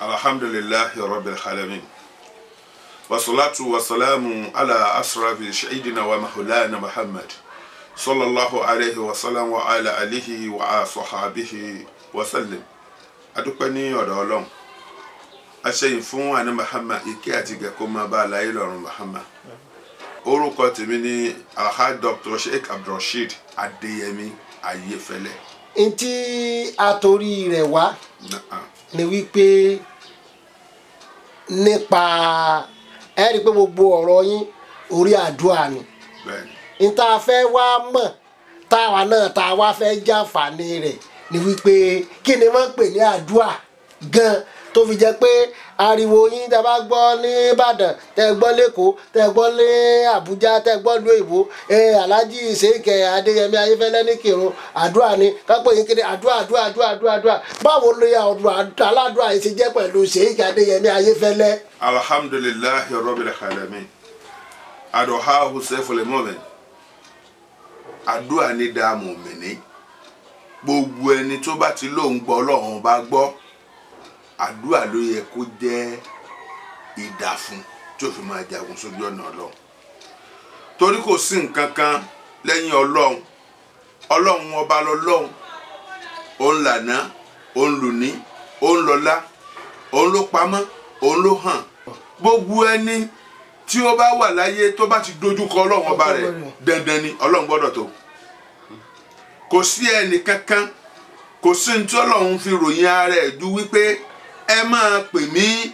alhamdulillahi rabbil alamin wasalatu wasalamu ala asrafi shahidina wa maulana muhammad sallallahu alayhi wa sallam wa ala alihi wa sahabihi wa sallim adúpẹ́ ní ọ̀dọ̀ ọlọ́run aṣẹ́yìn fún àní muhammad ike àti gẹ̀kọ́ máa bá aláyé lọ́rùn muhammad orúkọ tèmi ni alhaji dr sheikh abdulrasheed adeyemi ayefẹlẹ. ntí atorí rẹ̀ wá ni wípé nípa ẹ rí i pé gbogbo ọ̀rọ̀ yín orí àdúrà ni níta fẹ́ wá mọ̀ táwa náà tá a wá fẹ́ jàǹfààní rẹ̀ ni wípé kí ni wọ́n pè ní àdúrà gan tó fi jẹ́ pé ariwo yín tẹ́ bá gbọ́ ní Ìbàdàn tẹ́ gbọ́ l'Èkó tẹ́ gbọ́ ní Àbújá tẹ́ gbọ́ ní òyìnbó Alhaji Sèkè Adéyẹmí Ayéfẹ́lẹ́ ní kírun àdúrà ni kápẹ́ yín kéde àdúrà àdúrà àdúrà àdúrà àdúrà báwo ló yà ọdún aládùúrà yìí ti jẹ́ pẹ̀lú Sèkè Adéyẹmí Ayéfẹ́lẹ́. alhamdulillahi rabbil alamin adọha ahosẹfọlẹ mọmẹn àdúrà ni dáa mọmẹni gbogbo ẹni tó bá ti lóun gbọ́ Ọlọ́run bá gbọ́ àdúrà ló yẹ kó jẹ́ ìdà fún tí ó fi máa jagun sójú ọ̀nà ọlọ́run torí kò sí nǹkan kan lẹ́yìn ọlọ́run ọlọ́run ọba lọ́lọ́run òun lànà òun lùní òun lọ́lá òun ló pamọ́ òun ló hàn gbogbo ẹni tí ó bá wà láyé tó bá ti dojú kọ ọlọ́run ọba rẹ̀ dandan ni ọlọ́run gbọ́dọ̀ tó kò sí ẹnì kankan kò sí ní tí ọlọ́run fi ròyìn ara ẹ̀ ju wípé ẹ máa pè mí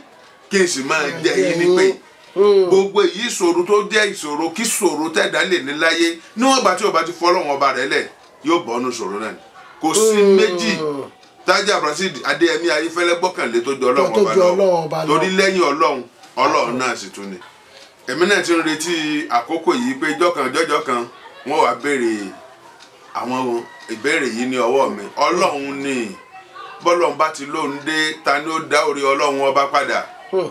kí n sì máa jẹ yín ní pé hmm. gbogbo èyí ìṣòro tó jẹ́ ìṣòro kí ìṣòro tẹ̀dá lè ní láyé níwọ̀n ìgbà tí o bá ti fọlọ́run ọba rẹ̀ lẹ̀ yóò bọ́ ọ́nù ìṣòro náà kò sí hmm. méjì Tájí Abdulrasheed Adéyẹmí Ayéfẹ́lẹ́ gbọ́kànlé tó jọ ọlọ́run ọba lọ torí lẹ́yìn ọlọ́run ọlọ́run náà sì tún ni èmi náà ti ń retí àkókò yìí pé jọ́kan jọ́jọ́ kan wọ́n wàá béèrè àwọn ìbéèrè yìí ní ọwọ́ mi ọlọ́run ni. Mm bọ́lọ́n bá ti lóun dé ta ni ó dá orí ọlọ́run ọba padà hmm.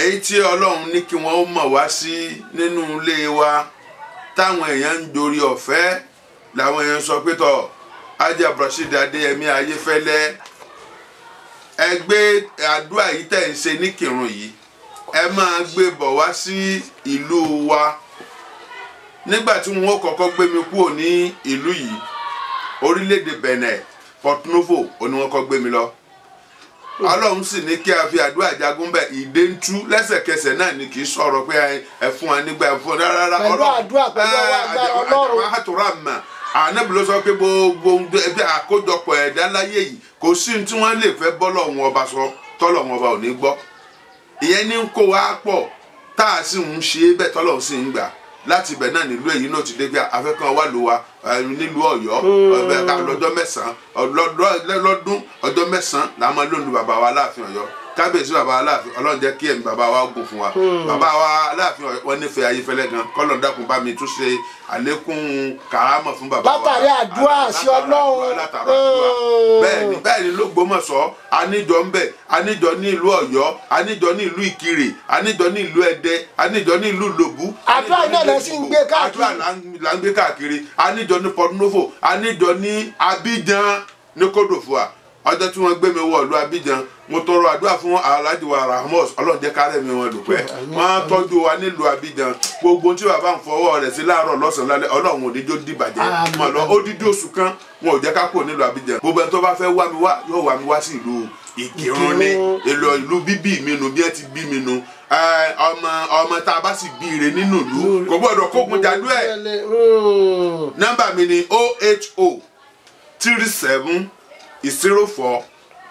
èyí tí ọlọ́run ní kí wọ́n mọ̀ wá sí nínú ilé wa táwọn èèyàn ń dorí ọ̀fẹ́ làwọn èèyàn sọ pé tọ̀ ajá brashid adéyẹmí ayéfẹ́lẹ́ ẹ gbé àdúrà yìí tẹ̀ ń ṣe níkìrùn yìí ẹ máa gbé bọ̀ wá sí ìlú wa nígbà tí wọn kọ́kọ́ gbé mi kúrò ní ìlú yìí orílẹ̀-èdè Benin Port Novo òní wọn kọ́ gbé mi lọ hmm. ọlọ́run sì ní kí a fi àdúrà jagun bẹ́ẹ̀ ìdè ń tú lẹ́sẹ̀kẹsẹ̀ náà ni kì í sọ̀rọ̀ pé ẹ fún wa nígbà ẹ fún wa rárá ọlọ́run àdúrà pẹ̀lú ọlọ́run àtúrà mà ànábìlẹ̀ sọ pé gbogbo ẹgbẹ́ àkójọpọ̀ ẹ̀dá láyé yìí kò sí ní tí wọ́n lè fẹ́ bọ́lọ̀ wọn ọba sọ tọ́lọ̀ wọn ọba ò ní gbọ́ ìyẹn ní ń kó wa pọ̀ tá a sì ń ṣe é bẹ́ẹ̀ tọ́lọ̀ sì ń gbà láti ibẹ̀ náà nílùú èyí náà ti dé pé afẹ́kàn wà ló wa nílùú Ọ̀yọ́ lọ́jọ́ mẹ́sàn-án lọ́dún ọjọ́ mẹ́sàn-án làwọn máa lónìí bàbá wa láàfin Ọ̀yọ́ kábíyèsí bàbá aláàfin ọlọ́run jẹ́ kí ẹ̀mí bàbá wa gùn fún wa hmm. bàbá wa aláàfin wọn nífẹ̀ẹ́ ayéfẹ́lẹ́ gan kọ́lọ̀ dákun bá mi tún ṣe àlékún karamọ̀ fún bàbá wa látàrí àdúrà sí ọlọ́run hmm. bẹ́ẹ̀ni bẹ́ẹ̀ni l'Ógbómọ̀ṣọ́ aníjọ ń bẹ aníjọ ní ìlú Ọ̀yọ́ aníjọ ní ìlú Ìkirè aníjọ ní ìlú Ẹdẹ aníjọ ní ìlú Lòbú àdúrà náà lọ sí ń gbé káàkiri àdúrà ọjọ́ tí wọ́n gbé mi wọ ìlú Abidjan mo tọrọ àdúrà fún Alhaji wa Rahmos Ọlọ́run jẹ́ kárẹ̀ mi wọn dùpẹ́ wọ́n tọ́jú wa nílùú Abidjan gbogbo tí bàbá ń fọwọ́ rẹ̀ sí láàárọ̀ lọ́sàn-án lálẹ́ Ọlọ́run ò ní jó dìbàjẹ́ mọ̀ lọ odidi oṣù kan wọn ò jẹ́ ká kúrò nílùú Abidjan gbogbo ẹni tó bá fẹ́ wá mi wá yóò wá mi wá sí ìlú Ìkìrun ní ìlú bíbí mi nu bí ẹ ti bí mi nu eh, ọmọ ọmọ tá a bá sì bí ire nínú ìlú kò gbọdọ̀ kókun jàdú ẹ̀ hmm. nọ́mbà mi ni 080 37 is zero four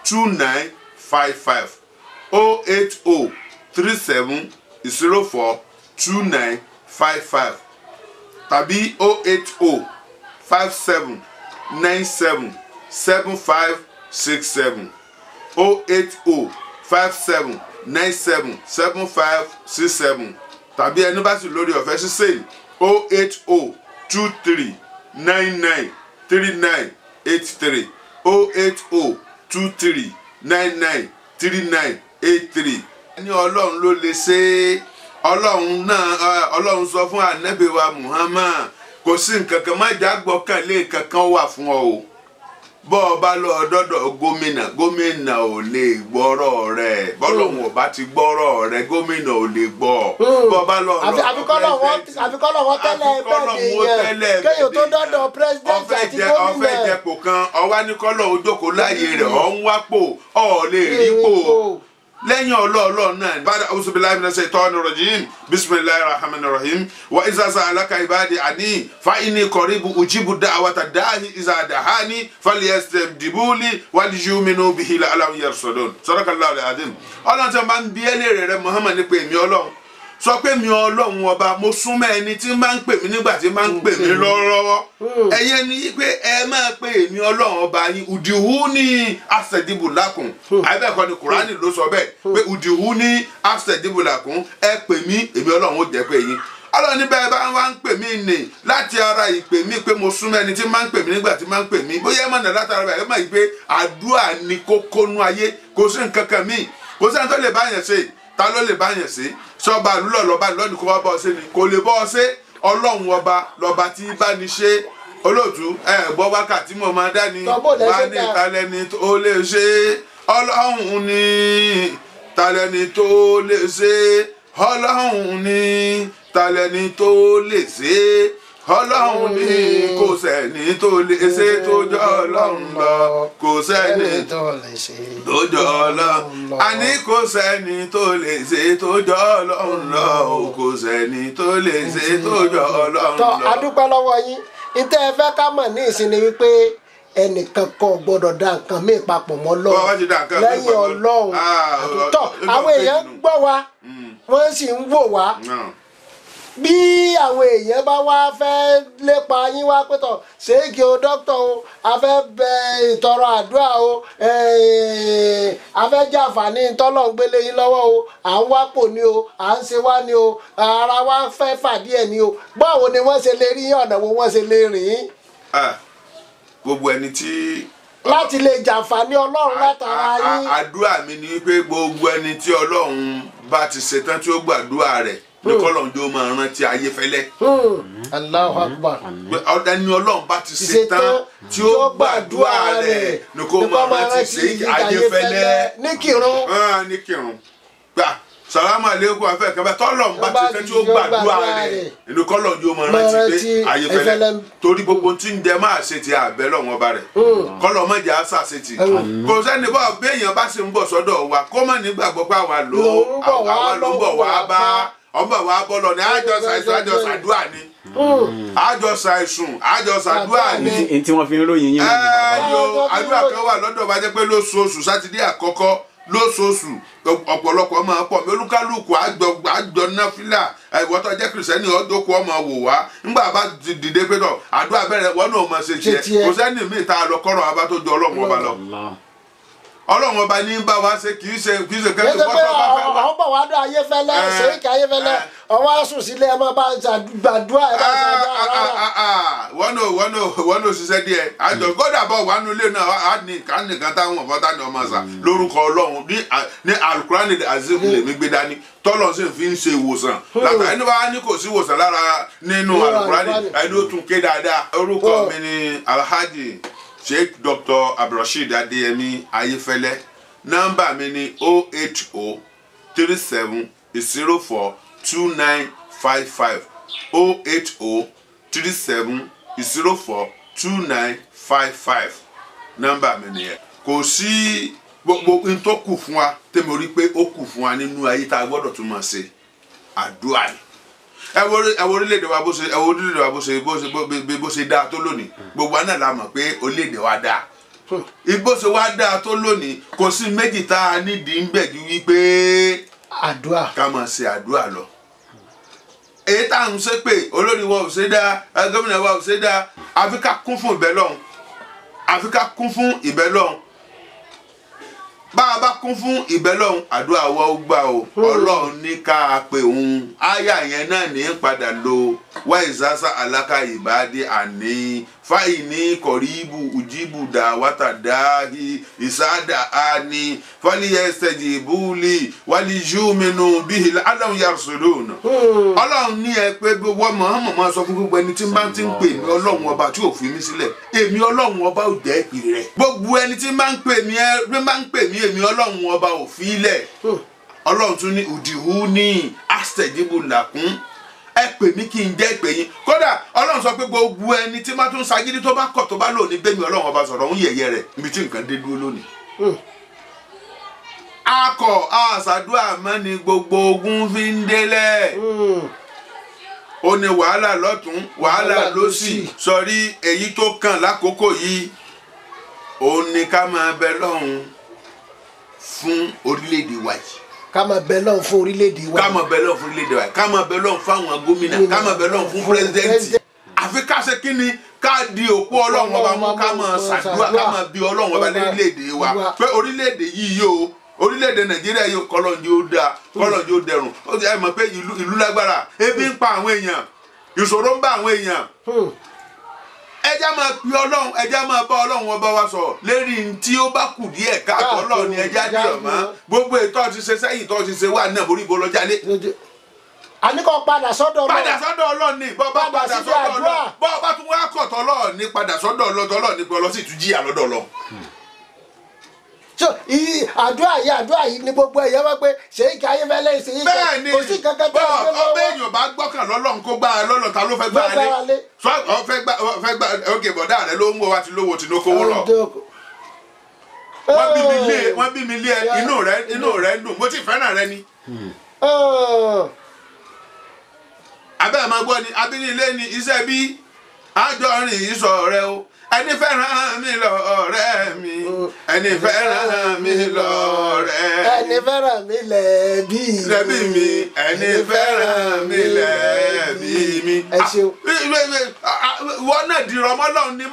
two nine five five o eight o three seven is zero four two nine five five tàbí o eight o five seven nine seven seven five six seven o eight o five seven nine seven seven five six seven tàbí ẹni bá sì lórí ọ̀fẹ́ ṣíṣe o eight o two three nine nine three nine eight three. 08023993983 ní ọlọ́run ló lè ṣe é ọlọ́run náà ọlọ́run sọ fún ànábì Muhammad kò sí nǹkan kan má jà gbọ́kànlé kankan wà fún ọ o. bọ́ lọ dọ́dọ̀ gómìnà gómìnà ò lè gbọ́rọ̀ rẹ bọ́lọ̀hún ọba ti gbọ́rọ̀ rẹ gómìnà ò lè gbọ́ ọ hmm. lọ rọ àfikọ́lọ̀ wọn tẹ́lẹ̀ yẹn tó dọ́dọ̀ àti gómìnà ọ̀fẹ́ kan ní kọ́lọ̀ ojókòó rẹ̀ hmm. ọ̀ lè lẹ́yìn ọlọ́ọ̀lọ́ náà bàdà awusubilayi minna ṣe tọ́ ni rọ̀jìn bisimilayi rahman rahim wa isaasa alaka ibadi ani fa ini kọribu ujibu da awata daahi isa dahani faliyasite dibuli walijuminu bihila alahu yarisodon sọdọ kan lawale adim ọlọ́run tí wọ́n bá ń bí ẹ́ léèrè pé èmi ọlọ́run sọ pé mi ọlọ́run ọba mo súnmọ́ ẹni tí máa ń pè mí nígbà tí máa ń pè mí mm-hmm. lọ́wọ́lọ́wọ́ mm. ẹ̀yẹ ni pé ẹ máa pe èmi ọlọ́run ọba yín ùdìwú ní àṣẹdìbò làkùn àbẹ́ẹ̀kọ́ ni kùránì ló sọ bẹ́ẹ̀ mm. pé ùdìwú ní àṣẹdìbò làkùn ẹ pè mí èmi ọlọ́run ó jẹ́ pé yín ọlọ́run níbẹ̀ bá wá ń pè mí nì láti ara ìpè mí pé mo súnmọ́ ẹni tí máa ń pè mí nígbà tí máa ń pè mí bóyá ẹ mọ̀ náà látara rẹ̀ ẹ mọ̀ yìí pé àdúrà ni kókónú ayé kò sí nǹkan kan míì kò sí ẹni tó lè bá yẹn ṣe ta ló lè bá yẹn ṣe sọba àlùlọ lọba lọdún kó wá bá ọ ṣe ni kò lè bá ọ ṣe ọlọ́run ọba lọba tí bá ní ṣe olóòtú ẹ gbọ́ wákàtí mo máa dání bá ní ìtàlẹ́ni tó lè ṣe ọlọ́run ní ìtàlẹ́ni tó lè ṣe ọlọ́run ní ìtàlẹ́ni tó lè ṣe ọlọ́run ní kò sẹ́ni tó lè ṣe tó jọ ọlọ́run lọ kò sẹ́ni tó lè ṣe tó jọ ọlọ́run lọ àní kò sẹ́ni tó lè ṣe tó jọ ọlọ́run lọ kò sẹ́ni tó lè ṣe tó jọ ọlọ́run lọ. tọ́ adúpẹ́ lọ́wọ́ yín ìtẹ́ ẹ fẹ́ ká mọ̀ ní ìsinmi wípé ẹnìkan kò gbọ́dọ̀ da nǹkan míì papọ̀ mọ́ lọ́run lẹ́yìn ọlọ́run ah, tọ́ àwọn èèyàn gbọ́ wa mm. wọ́n sì ń wò wá. Ah bí àwọn èèyàn bá wá fẹ́ lépa yín wá pẹ́tọ̀ ṣéèkì o dókítà o a fẹ́ bẹ ìtọrọ àdúrà o a fẹ́ jàǹfààní tọ́lọ̀ ń gbélé yín lọ́wọ́ o à ń wá pò ní o à ń ṣe wá ní o ara wa fẹ́ fàdí ẹ̀ ní o báwo ni wọ́n ṣe lè rí ọ̀nà wo wọ́n ṣe lè rìn. gbogbo ẹni tí láti lè jàǹfààní ọlọ́run látara yín. àdúrà mi ni wípé gbogbo ẹni tí ọlọ́run bá ti ṣetán tí ó gbàdúrà rẹ̀ ní kọ́lọ̀ ń jó máa rántí ayé fẹ́lẹ́. Hmm. Hmm. Allahu hmm. Akbar. ọ̀dà ni ọlọ́run bá ti ṣe tán tí ó gbàdúrà rẹ̀ ní kó máa rántí ṣe ayé fẹ́lẹ́. ní kírun. Ah, ní kírun gbà salamu aleykum afẹ kẹfẹ tọlọ ń bá ti fẹ tí ó gbàdúrà rẹ̀ ní kọ́lọ̀ ń jó máa rántí pé ayé fẹ́lẹ́ torí gbogbo tí ń jẹ máa ṣe ti àbẹ lọ́wọ́n ba rẹ̀ kọ́lọ̀ mọ̀ jẹ́ àṣà ti kò sẹ́ni bá béèyàn bá sì ń bọ̀ sọ́dọ̀ wa kó má nígbàgbọ́ pé àwa ló ń bọ̀ wá bá ọmọ wa bọlọ ni àjọ ṣàìsùn àjọ ṣàdúrà ni àjọ hmm. ṣàìsùn àjọ ṣàdúrà ni. n tí wọn fi ń ròyìn yín. ẹẹyọ àdúrà kan wà lọ́dọ̀ bá jẹ́ pé lóṣooṣù sátidé àkọ́kọ́ lóṣooṣù ọ̀pọ̀lọpọ̀ máa pọ̀ mí olúkálùkù àjọ náfìlà ìwọ́tọ̀ jẹ́ kìrìsẹ́nì ọ̀dọ́kọ̀ ọmọ wò wá ńgbà bá dìde pé tọ̀ àdúrà bẹ̀rẹ̀ wọn náà mọ̀ ṣe tiẹ̀ kò sẹ́ni mi ta lọ kọ́rọ̀ abá tó jọ ọlọ́run ọba lọ. ọlọ́run ọba ní wa ṣe ṣe ṣe kẹ́tù bá fẹ́ eh, eh. wá. bọ̀ wá dún ọwọ́ sílé ẹ máa bá gbàdúrà ẹ bá gbàdúrà. Ah, ah, ah, wọ́n ò wọ́n ò wọ́n ò ṣiṣẹ́ díẹ̀ àjọ hmm. bọ̀ wá náà á ní táwọn ni ọmọ sà hmm. lórúkọ ọlọ́run ní alukurani azeem hmm. lèmi gbé dání tọ́lọ̀ sì fi ń ṣe ìwòsàn látà ẹni bá ní kò sí ìwòsàn lára nínú alukurani ẹni ó tún ké dáadáa orúkọ mi ni alhaji sheikh dr abdulrasheed adeyemi ayefẹlẹ nọ́mbà mi ni o oh eight o oh three seven zero four two nine five five o oh eight o three seven zero four two nine five five nọ́mbà mi nìyẹn kò sí gbogbo n tó kù fún wa tẹ́mi rí pé ó kù fún wa nínú ayé tá a gbọ́dọ̀ tún máa ṣe àdúrà yìí ẹ wo ẹ wo orílẹ̀-èdè wa bó ṣe ẹ wo orílẹ̀-èdè wa bó ṣe bó ṣe bó ṣe dáa tó lónìí gbogbo àná la mọ̀ pé orílẹ̀-èdè wa dáa igbó ṣe wá dáa tó lónìí kò sí méjì tá a nídìí ń bẹ̀ ju wípé àdúà ká máa ṣe àdúà lọ èyí tá à ń ṣe pé olórí wa ò ṣe dáa gómìnà wa ò ṣe dáa àfi ká kún fún ìbẹ́ lọ́hùn àfi ká kún fún ìbẹ́ bá a bá kún fún ìbẹ́lọ́hún àdúrà wa ó gbà ó hmm. ọlọ́run ní ká a pè òun áyà yẹn náà ní padà lo waizasa alaka ibadi ani faini koribu ujibu dawata dahi isada ani faliyestajibuli walijuminu bihi alahu yarsulun. Hmm. ọlọ́run ní ẹ pé wọ́n mọ̀ọ́mọ̀ máa sọ fún gbogbo ẹni tí n bá ti ń pè mí ọlọ́run ọba tí ò fi mí sílẹ̀ èmi ọlọ́run ọba ò jẹ́ ìpè rẹ̀ gbogbo ẹni tí n bá ń pè mí ẹ bí n bá ń pè mí èmi ọlọ́run ọba ò fi í lẹ̀ hmm. tún ní òdìhú ní àṣẹ̀dìbò làkún ẹ pè mí kí n jẹ́ ìpè yín kódà ọlọ́run sọ pé gbogbo ẹni tí má tún ṣagídí tó bá kọ̀ tó bá lò ní bẹ́mi ọlọ́run ọba sọ̀rọ̀ ń yẹ̀yẹ́ rẹ̀ ibi tí nǹkan dé dúró lónìí. Hmm. akọ àṣàdúrà mẹ́ni gbogbo ogun fi ń délẹ̀ hmm. ó ní wàhálà lọ́tún wàhálà lọ́sì sọrí èyí tó kàn lákòókò yìí òun ni ká máa bẹ lọ́hùn fún orílẹ̀-èdè wa ká máa bẹ lọ́hùn fún orílẹ̀-èdè wa. ká máa bẹ lọ́hùn fún orílẹ̀-èdè wa ká máa bẹ lọ́hùn fún àwọn gómìnà ká máa bẹ lọ́hùn fún pírẹsidẹ́ǹtì àfi ká ṣe kí ká di òpó ọlọ́run ọba mú ká máa ṣàdúrà ká máa bí ọlọ́run ọba lórílẹ̀-èdè wa pé orílẹ̀-èdè yìí yóò orílẹ̀-èdè nàìjíríà yóò kọlọ́njì ó dáa kọlọ́njì ó dẹrùn ó ti ẹ̀ mọ̀ pé ìlú lágbára ebi ń pa àwọn èèyàn ìṣòro ń bá àwọn èèyàn hmm ẹjẹ́ máa pe ọlọ́run ẹjẹ́ máa bá ọlọ́run wọn bá wa sọ̀rọ̀ lérí tí ó bá kù díẹ̀ káàtó ọlọ́run ni ẹjẹ́ àdìyẹ ọ̀mọ́ gbogbo ètò ti ṣe sẹ́yìn tó ti ṣe wà náà borí ibo lọ́jà lé. àníkọ́ padà sọ́dọ̀ ọlọ́run padà sọ́dọ̀ ọlọ́run ni bọ́ bá padà sọ́dọ̀ ọlọ́run bọ́ bá tún wá kọ̀tọ̀ ọlọ́run ni padà sọ́dọ̀ ọlọ́run tọ́lọ́run ni pé ọlọ́sìn tún jìyà lọ́dọ̀ ọlọ́run. so àdúrà yìí àdúrà yìí ni gbogbo eya wá pé ṣèyíkì ayéfẹ́lẹ́ ìṣèyíkì kò sí kankan tó ń gbé lọ́wọ́. ọbẹ̀ èèyàn bá gbọ́kàn lọ́lọ́run kó gbá a lọ́lọ́ ta ló fẹ́ gbá a lé fẹ́ gbá ok bọ̀dá rẹ ló ń wọ wa lówó tí kówó lọ wọ́n bí mi lé wọ́n bí mi lé inú rẹ inú rẹ dùn mo ti fẹ́ràn rẹ ni hmm. abẹ́ máa gbọ́ ni abínilé ni iṣẹ́ ẹni fẹ́ràn mi lọ́rẹ́ mi ẹni fẹ́ràn mi lọ́rẹ́ ẹni fẹ́ràn mi mi mi ẹni fẹ́ràn mi lẹ́bí mi. Ah, ah, ah, wọ́n náà di rọmọ ni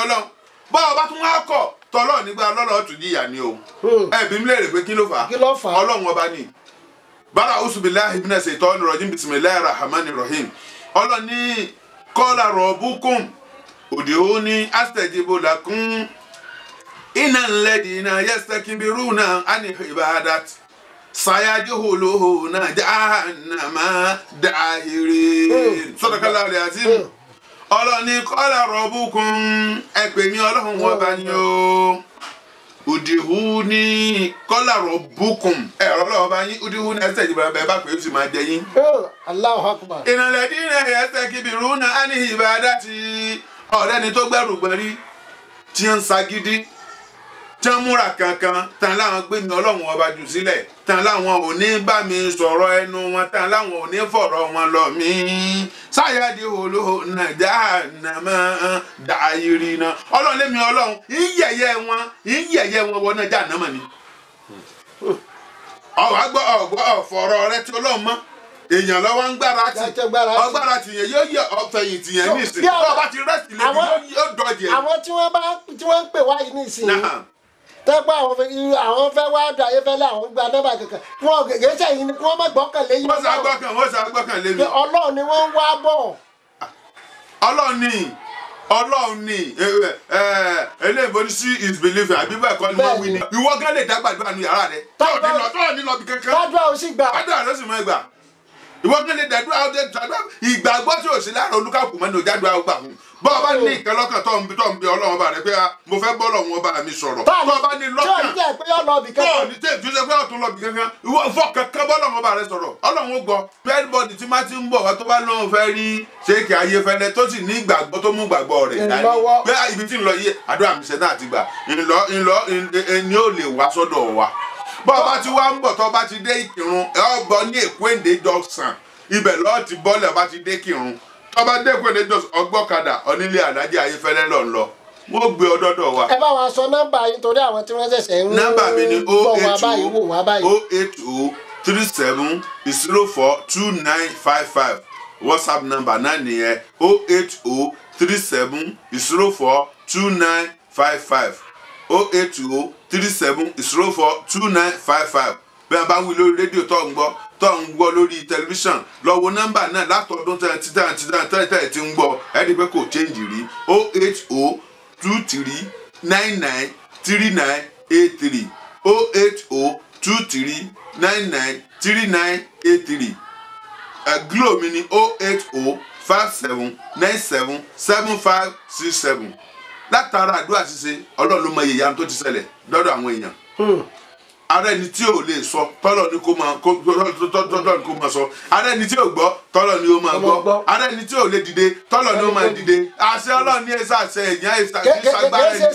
má tún wá kọ, tọlọ nígbà tún o hmm. ẹ̀bí mi léèrè pé kí ló fà á ọba ni usubilahi ادعوني استجب لكم ان الذين يستكبرون عن عبادتي سيدخلون جهنم داهرين صدق الله العظيم ọlọ́ni kọ́lá rọ̀bùkún ẹ̀pẹ̀ mi ọlọ́run wọn bá ní o òdìhú ní kọ́lá rọ̀bùkún ẹ̀rọ ọlọ́run bá yín òdìhú ní ẹsẹ̀ ìdìbò ẹ̀bẹ̀ bá pè na sì máa jẹ yín. Allahu ẹ̀sẹ̀ kìbìrún náà á ọ̀rẹ́ ẹni tó gbẹ́rù rí: tí ń sagídí tí ń múra kankan tán láwọn gbé ní ọlọ́run ọba jù sílẹ̀ tán láwọn ò ní bá mi sọ̀rọ̀ ẹnu wọn tán láwọn ò ní fọ̀rọ̀ wọn lọ mí. sáyàdì olú nàjà nàmọ́ dàáyírí náà ọlọ́run lémi ọlọ́run ń yẹ̀yẹ́ wọn ń yẹ̀yẹ́ wọn wọnà jà nàmọ́ ni. Hmm. ọ̀wá gbọ́ ọ̀gbọ́ ọ̀fọ̀rọ̀ rẹ tí ọlọ́run mọ́. èèyàn lọ́wọ́ ń gbára tì ọgbára tì yẹn yóò yẹ ọ̀fẹ̀yìn tì yẹn nísìn bí ọ̀rọ̀ bá ti rẹ́sì lébi yóò dọ̀jẹ̀. àwọn tí wọ́n bá tí wọ́n ń pè wáyé nísìn tẹ́gbọ́n àwọn àwọn fẹ́ wá dùn ayéfẹ́lẹ́ àwọn gba nọ́mbà kankan wọn gègéṣẹ́ yìí ni wọ́n má gbọ́kànlé yìí. wọ́n sá gbọ́kàn wọ́n sá gbọ́kàn lé mi. ọlọ́run ni wọ́n ń wá bọ̀. ọlọ́run ni ọlọ́run ni eléyìnbó ní sí is believer àbí bẹ́ẹ̀ kọ́ ni wọ́n wí ni ìwọ gán lè dá gbàdúrà nu yàrá rẹ. tọ́jú àwọn ò sì gbà. tọ́jú àwọn ò sì gbà ìwọ kí ni dẹ̀dúrà ó dé tọ́jú ìgbàgbọ́ tí ò sí lára olúkàkùn mẹ́ni òjádùá ó gbà fún bọ́ ọ bá ní nǹkan lọ́kàn tó ń bí tó ń bí ọlọ́run bá rẹ pé mo fẹ́ bọ́ lọ́run ọba mi sọ̀rọ̀ tó o bá ní lọ́kàn tó ní tẹ̀ tó ṣe pé ọ̀tún lọ́bì kankan ìwọ fọkàn kan bọ́ lọ́run ọba rẹ sọ̀rọ̀ ọlọ́run ó gbọ́ pẹ́ẹ́dìbọ̀dì tí máa ti ń bọ̀ wá tó bá lọ́run fẹ́ rí ṣéèkì ayé fẹ́lẹ́ tó sì ní ìgbàgbọ́ tó mú ìgbàgbọ́ rẹ̀ dání pé ibi tí ń lọ yé àdúrà mi ṣẹ̀ náà ti gbà ńlọ ńlọ ni ó bọ́ ọba ti wá ń bọ̀ tọ́ ọba ti dé ìkírun ẹ ní èkó èdè ibẹ̀ lọ́ọ́ ti bọ́lẹ̀ ọba ti dé kírun tọ́ba dé èkó èdè ọgbọ́kadà onílé àdájẹ́ ayéfẹ́lẹ́ lọ lọ wọ́n gbé ọ dọ́dọ̀ wa. ẹ bá wa sọ nọ́mbà yín torí àwọn tí wọ́n ṣẹ̀ṣẹ̀ ń nọ́mbà mi ni o oh eight o o oh eight o three seven zero four two nine five five whatsapp number náà nìyẹn o oh eight o three seven zero four two nine five five o eight o three seven zero four two nine five five bí a bá ń wí lórí rédíò tó ń gbọ́ tó ń gbọ́ lórí tẹlifíṣàn lọ wo nọ́mbà náà látọ̀dún tẹ̀tí tẹ̀tí tẹ̀tí tẹ̀tí tí ń gbọ́ ẹ̀ẹ́dì pé kò change rí o eight o two three nine nine three nine eight three o eight o two three nine nine three nine eight three glo mi ni o eight o five seven nine seven seven five six seven. látara àdúrà ṣíṣe ọlọ́run mọ iye tó ti ṣẹlẹ̀ lọ́dọ̀ àwọn èèyàn hmm. ara ẹni tí ò lè sọ tọ́lọ̀ ni kò máa sọ ara ẹni tí ò gbọ́ tọ́lọ̀ ni ó máa gbọ́ ara ẹni tí ò lè dìde tọ́lọ̀ ni ó máa dìde àṣẹ ọlọ́run ní àṣẹ ẹ̀yìn àìsàn o àṣẹ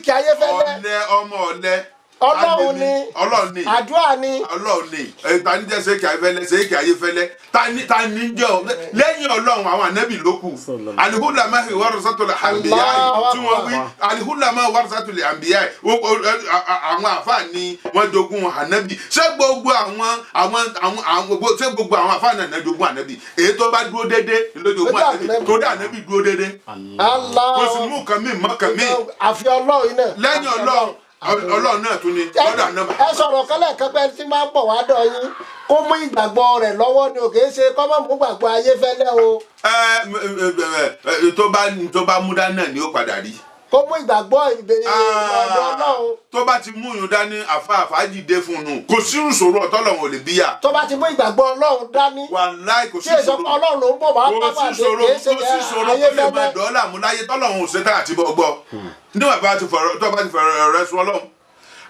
kí tani ọlọ́run ni ọlọ́run ni àdúrà ni ọlọ́run ni tani jẹ́ sèkè ayéfẹ́lẹ́ sèkè ayéfẹ́lẹ́ tani tani jẹ́ ọ lẹ́yìn ọlọ́run àwọn ànábì ló kù alihulama warisatul anbiya tí wọ́n wí alihulama warisatul anbiya àwọn àfààní wọn jogún ànábì ṣé gbogbo àwọn àwọn àwọn ṣé gbogbo àwọn àfààní ànábì jogún ànábì èyí tó bá dúró dédé ló jogún ànábì tó dá ànábì dúró dédé kò sì mú kàmí mọ́ kàmí àfi ọlọ́run náà lẹ́yìn ọlọ́run ọlọ́run náà tún ni lọ́dọ̀ ànábà. ẹ sọ̀rọ̀ kálẹ̀ kẹgbẹ́ tí máa ń bọ̀ wá dọ̀ yín kó mú ìgbàgbọ́ rẹ̀ lọ́wọ́ ni ò kì í ṣe kọ́ mọ̀ mú gbàgbọ́ ayé fẹ́lẹ́ o. ẹ ẹ ẹ tó bá mú dáná ni ó padà rí kó mú ìgbàgbọ́ ìbéèrè ah, ọ̀dọ̀ ọlọ́run. tó bá ti mú ìyún dání àfààfà dìde fún un nù kò sírù sòrò ọ̀tọ́lọ̀wọ̀n ò lè bíyà. tó bá ti mú ìgbàgbọ́ ọlọ́run dání. wàláì kò sí sòrò ọlọ́run ló ń kò sí sòrò kó lè máa dọ́là mú láyé tọ́lọ̀wọ̀n ò ṣe tá àti gbọ́. Hmm. níwọ̀n bá ti fọ̀rọ̀ tó bá ti fọ̀rọ̀ rẹ sun ọlọ́run.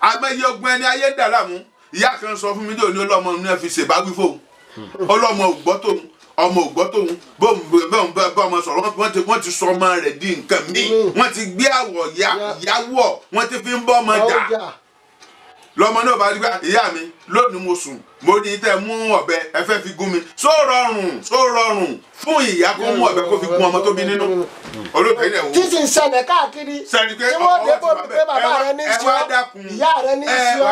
àmọ́ye ogun ẹni ayé dàlámù ìyá kan sọ fún mi lónìí ọlọ́mọ mi náà fi ṣèbáwí fóun hmm. ọlọ́mọ ògbọ́ tóun ọmọ ògbọ́ tóun bóun bá ọmọ sọ̀rọ̀ wọ́n ti sọ ọmọ rẹ̀ di nǹkan míì mm-hmm. wọ́n ti gbé àwọ̀ yáwọ̀ wọ́n ti fi ń bọ́ ọmọ jà lọmọ náà bá rí gbà ah, ìyá mi lónìí mo sùn mo ní tẹ mú ọ̀bẹ ẹ fẹ́ fi gún mi só rọrùn só rọrùn fún ìyá kó mú ọ̀bẹ kó fi gún ọmọ tó bí nínú olóògbé rẹ wò. títí ìṣẹ̀lẹ̀ káàkiri tí wọ́n dé bóbi pé bàbá rẹ ní sọ ìyá rẹ ní sọ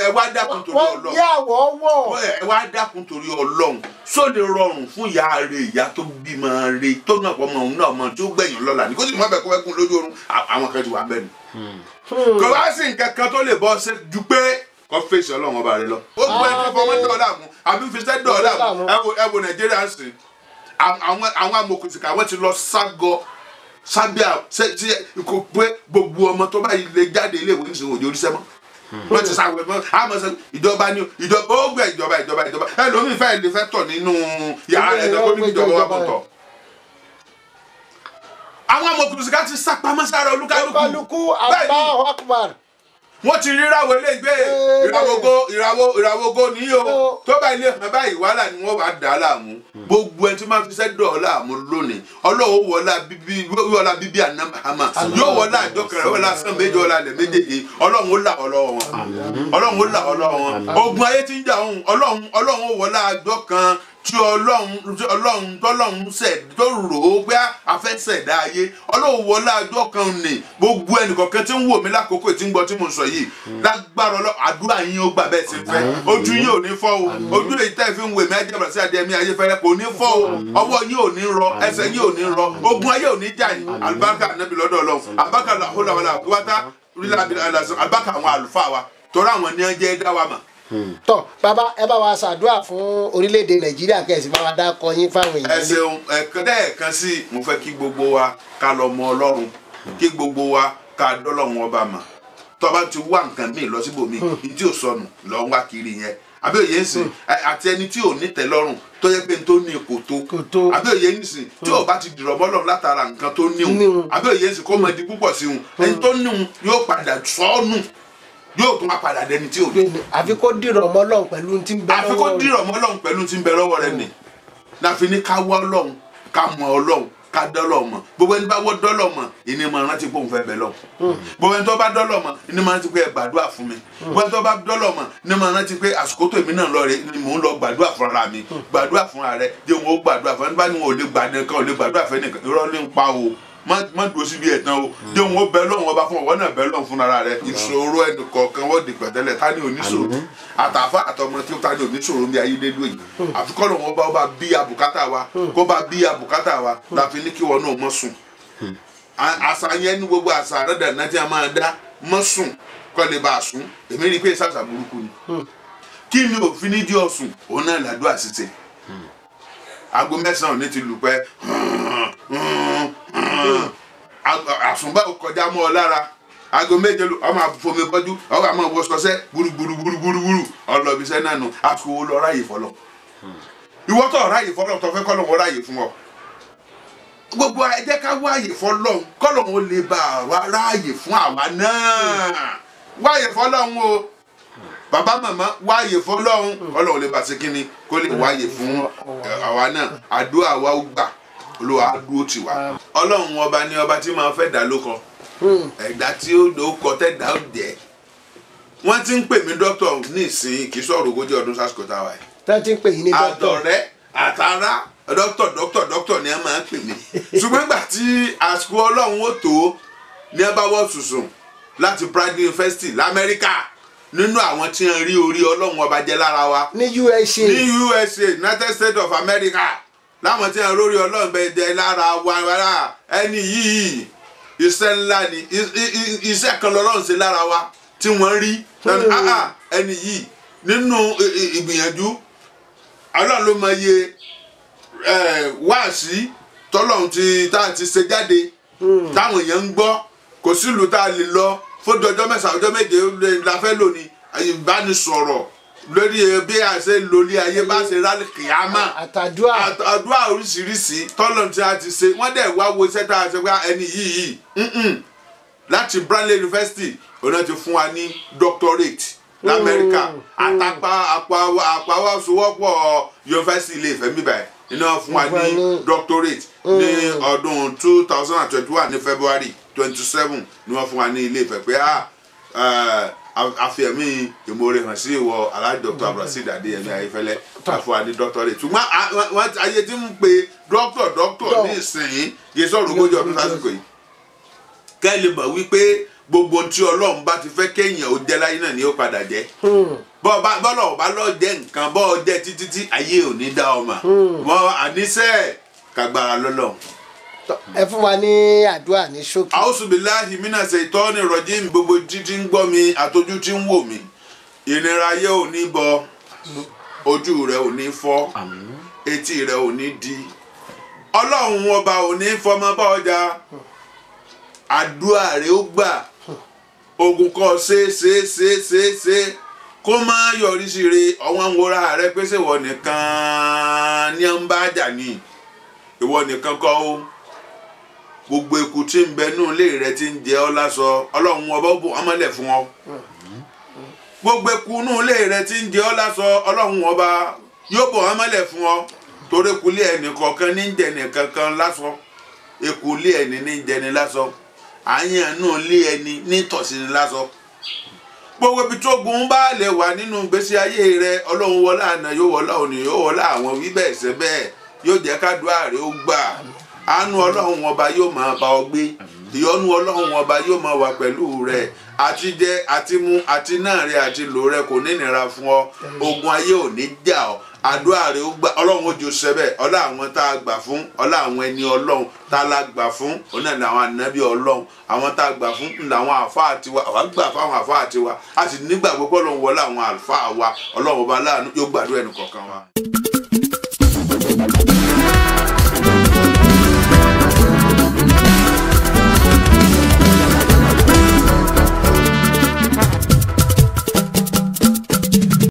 ẹ wá dákun torí Ọlọ́run yà wọ́ wọ́ ẹ wá dákun torí Ọlọ́run sóde rọrùn fún ìyá rẹ ìyá tó bímọ rẹ tó náà pọ̀ òun náà mọ́ tó gbẹ̀yìn lọ́la ní kó sì mọ́ bẹ̀ kó fẹ́ gún lójú oorun àwọn kan Hmm. kò wá sí nǹkan kan tó lè bọ́ ṣe ju pé kò fèsì ọlọ́run ọba rẹ lọ. ó gbé ẹni ah, fọwọ́ dọ̀ọ́lá mu àbí fisẹ́ dọ̀ọ́lá mu ẹ wo nàìjíríà sí àwọn amòkùnfìkà wọ́n ti lọ ságọ́ sábíà ṣe kò pé gbogbo ọmọ tó báyìí lè jáde iléèwé nísìnyí òjò oríṣẹ́ mọ́ hmm. wọ́n ti sáwọ́ ẹ̀fọ́ àmọ́ sọ ìjọba ni ìjọba ó gbẹ ìjọba ìjọba ìjọba ẹlòmíì fẹ́ẹ́ lè fẹ́ tọ̀ nínú yàrá ẹ̀dọ́gbọ́n níbi ìjọba wà pọ̀ tọ̀ àwọn amòkùnrin ti sá pamọ́ sára olúkálùkù bẹ́ẹ̀ ni wọ́n ti rí ìràwọ̀ ilé gbé ìràwọ̀gó ìràwọ̀ ìràwọ̀gó níyó tó bá ilé hàn báyìí wàhálà ni wọ́n bá dà á láàmú hmm. gbogbo ẹni tó máa fi sẹ́dọ̀ ọ́ láàmú lónìí ọlọ́wọ́ wọlá bíbí wọlá bíbí àná mahama yóò wọlá àjọkẹrẹ wọlá sàn méje wọlá lẹ méjèèjì ọlọ́run ó là ọlọ́wọ́ wọn ọlọ́run ó là ọlọ́wọ́ wọn ogun ayé ti ń jà òun ọlọ́run ọlọ́run ó wọlá àjọkan tí ọlọ́run tí ọlọ́run tọ́lọ́run ṣẹ̀ tó rò ó pé àfẹsẹ̀dá ayé ọlọ́run wọlé àjọ kan ní gbogbo ẹnìkọ̀ọ̀kan tí ń wò mí lákòókò tí ń gbọ́ tí mo sọ yìí lágbára ọlọ́ àdúrà yín ó gbà bẹ́ẹ̀ sí fẹ́ ojú yín ò ní fọ́ o ojú èyí tẹ́ fi ń wèmí ajé bàtí àdé ẹ̀mí ayé fẹ́rẹ́ kò ní fọ́ o ọwọ́ yín ò ní rọ ẹsẹ̀ yín ò ní rọ ogun ayé ò ní jà yín àlùbáríkà anábì lọ́dọ̀ ọlọ́run àbákà làhùlà wàlà àkúwátá rílà àbákà àwọn àlùfáà wa torí àwọn ni wọ́n jẹ́ dá wa mọ̀ tọ bàbá ẹ bá wa ṣàdúrà fún orílẹ̀-èdè nàìjíríà kẹ̀sì bá wa dá kọyín fáwọn èèyàn. ẹ ṣeun ẹ̀kan dẹ́ ẹ̀kan sí mo fẹ́ kí gbogbo wa ká lọ mọ ọlọ́run kí gbogbo wa ká dọ́lọ́run ọba mọ̀ tọ́ba ti wá nǹkan míì lọ síbòmíì ìdí hmm. ò sọnù lọ́ọ́ wá kiri yẹn àbí òye ń sìn hmm. àti ẹni tí ò ní tẹ́lọ́rùn tó yẹ pé tó ní kò tó àbí tí ò hmm. bá ti dìrọ̀ mọ́ látara nǹkan tó níhun àbí òye kó mọ di púpọ̀ sí ẹni tó níhun yóò padà sọ́ọ́nù yóò tún wá padà dẹni tí ò ní. àfi kó dìrọ̀ mọ́ lọ́hùn pẹ̀lú ti ń bẹ lọ́wọ́ rẹ̀. àfi kó dìrọ̀ mọ́ lọ́hùn pẹ̀lú ti ń bẹ lọ́wọ́ rẹ̀ ni láfi ní ká wọ́ lọ́hùn ká mọ̀ ọ́ lọ́hùn ká dọ́lọ̀ mọ̀ gbogbo ẹni bá wọ́ dọ́lọ̀ mọ̀ ìní mọ̀ rántí pé òun fẹ́ bẹ̀ lọ́hùn gbogbo ẹni tó bá dọ́lọ̀ mọ̀ ìní mọ̀ rántí pé ẹ gbàdúrà fún mi gbogbo ẹni tó bá dọ́lọ̀ mọ̀ ìní mọ̀ rántí pé àsìkò tó èmi náà lọ rè ni mò ń lọ gbàdúrà fúnra mi gbàdúrà fúnra rẹ jẹun ó gbàdúrà fún ẹni bá ní wọn ò lè gbàdúrà fún ẹnìkan irọ́ ní ń pa o má dúró síbi ẹ̀ tán o hmm. jẹ́ òun ó bẹ lọ́hùn ọba fún ọ̀wọ́ náà bẹ lọ́hùn fún ara rẹ hmm. ìṣòro ẹnì kọ̀ọ̀kan wọ́n dìgbà tẹ́lẹ̀ ta ni oníṣòro àtàfà àtọmọ tí ó ta ni oníṣòro bí ayé dédú èyí hmm. àfikọ́ lọ́hùn ọba ọba bí abùkátà wa kó bá bí abùkátà wa la fi ní kí wọn náà mọ́ sùn àṣà yẹn ní gbogbo àṣà àrẹ́dà náà tí a máa dá mọ́ sùn kọ́ lè bá a sùn èmi rí i pé sàṣà burúkú ni kí ni òfin ní dí ọ̀sùn òun náà làdúrà àsùnbà ò kọjá mọ́ ọ lára aago méje ọmọ àfomi kọjú ọmọ àmọ wọsọsẹ gbúrúgbúrú gbúrúgbúrú ọlọbìsẹ náà nù àsìkò wo lọ ráàyè fọlọ ìwọ tó ráàyè fọlọ tó fẹ́ kọlọ wọn ráàyè fún ọ gbogbo ẹ jẹ́ ká wáàyè fọlọ kọlọ wọn lè ba àwa ráàyè fún àwa náà wáàyè fọlọ ń o bàbá màmá wáàyè fọlọ ń kọlọ wọn lè ba sí kínní kó lè wáàyè fún àwa náà àdúrà wa ó gbà olúwa á dúró tì wá ọlọ́run ọba ni ọba tí máa fẹ́ dá lóko hmm. ẹ̀dá tí ó lóko tẹ́dá ó jẹ́ wọ́n ti ń pè mí dókítà nísìnyí kì í sọ̀rọ̀ ogójì ọdún sásìkò táwa yìí. tá a ti ń pè yín ní dókítà àtọ̀rẹ́ àtàrà dókítà dókítà dókítà ni a máa ń pè mí ṣùgbọ́n ìgbà tí àsìkò ọlọ́run ó tó ní abáwọ̀ sùsùn láti Prague University lamẹ́ríkà nínú àwọn tí ń rí orí ọlọ́run ọba jẹ́ lára wa ní USA ní USA United States of America láwọn tí wọn lórí ọlọ́run bẹ dẹ lára wa rárá ẹni yìí iṣẹ́ ńlá ni iṣẹ́ kan lọ́lọ́run ṣe lára wa tí wọ́n rí hmm. ah, ah, ẹni yìí nínú ìgbìyànjú ọlọ́run ló mọ iye wáàsí tọ́lọ́run ti tá a ti ṣe jáde hmm. táwọn èèyàn ń gbọ́ kò sílùú tá a lè lọ fódú ọjọ́ mẹ́sàn-án méje la fẹ́ lò ní ìbánisọ̀rọ̀ lórí bí a ṣe lórí ayé bá ṣe rálẹ̀ kìámà àtàdúà àtàdúà oríṣiríṣi tọ́lọ̀ tí a ti ṣe wọ́n dẹ̀ wá wo iṣẹ́ tá a ṣe wá ẹni yìí yìí láti Brandeis University òun ti fún wa ní doctorate lamẹ́ríkà mm, mm. àtàpá àpawọ́sowọ́pọ̀ yunifásitì ilé Ifẹ̀ mi báyìí iná fún wa ní doctorate mm. ní ọdún two thousand and twenty one ní February twenty seven ni wọ́n fún wa ní ilé Ifẹ̀ pé ah. Eh, àfi ẹ̀mí ìmoore hàn sí ìwọ aládọ́tọ̀ mm-hmm. abdulrasheed adéyẹmí ayéfẹ́lẹ́ àfọwọ́ adé dọ́tọ̀rẹ̀ ṣùgbọ́n wọ́n ayé ti ń pe dọ́kítọ̀ dọ́kítọ̀ ní ìsìn yìí sọ̀rọ̀ ogójì ọdún sásìkò yìí kẹ́lí mọ̀ wípé gbogbo tí ọlọ́run bá ti fẹ́ kéèyàn ó jẹ́ láyé náà ni ó padà jẹ́ hmm. bọ́lọ̀ ọba lọ jẹ́ nǹkan bọ́ọ̀ jẹ́ títí tí ayé ò ní dá ọmọ hmm. àníṣe kàgbára lọ́lọ́run ẹ fún wa ní àdúrà ní ṣókí. a'uzu billahi mina shaitani rajim gbogbo títí ń gbọ́ mi àtọ́jú tí ń wò mí ìnira ayé ò ní bọ ojú rẹ ò ní fọ́ etí rẹ ò ní di ọlọ́run ọba ò ní fọmọ bá ọjà àdúrà rẹ ó gbà ogun kọ ṣe ṣe ṣe ṣe ṣe kó má yọrí sí re ọwọ́n ń wọra rẹ pé ṣèwọ nìkan ni ó ń bá jà ní ìwọ nìkan kọ́ ó. gbogbo eku tí ń bẹ nínú ilé rẹ ti ń jẹ ọ lásọ ọlọrun ọba ó bò ọmọlẹ̀ fún ọ gbogbo eku nínú ilé rẹ ti ń jẹ ọ lásọ ọlọrun ọba yóò bọ ọmọlẹ fún ọ torí kulé ẹnì kọ̀ọ̀kan ní ń jẹni kankan lásọ eku ilé ẹni ní ń jẹni lásọ àyàn nínú lé ẹni ní tọ̀sí ni lásọ gbogbo ibi tó gun bá lè wà nínú gbèsè ayé rẹ ọlọ́run wọlá àná yóò wọlá òní yóò wọlá àwọn wíbẹ̀ ìṣẹ́ bẹ́ẹ̀ yóò jẹ́ ká dùn àárẹ̀ ó gbà. àánú ọlọ́run ọba yóò máa bá ọ gbé ìyọ́nú ọlọ́run ọba yóò máa wà pẹ̀lú rẹ àti jẹ àti mu àti náà rẹ àti lò rẹ kò ní nira fún ọ ogun ayé ò ní jà ọ àdúrà rẹ ọlọ́run ojú sẹ́bẹ̀ ọlá àwọn tá a gbà fún ọlá àwọn ẹni ọlọ́run tá a la gbà fún òun náà làwọn ànábì ọlọ́run àwọn tá a gbà fún làwọn àfáà tiwa àwọn gbà fáwọn àfáà tiwa a sì nígbàgbọ́ pé ọlọ́run wọlé àwọn àfáà wa ọlọ́run ọba láàánú yóò gbàdúrà ẹnì kọ̀ọ̀kan wa.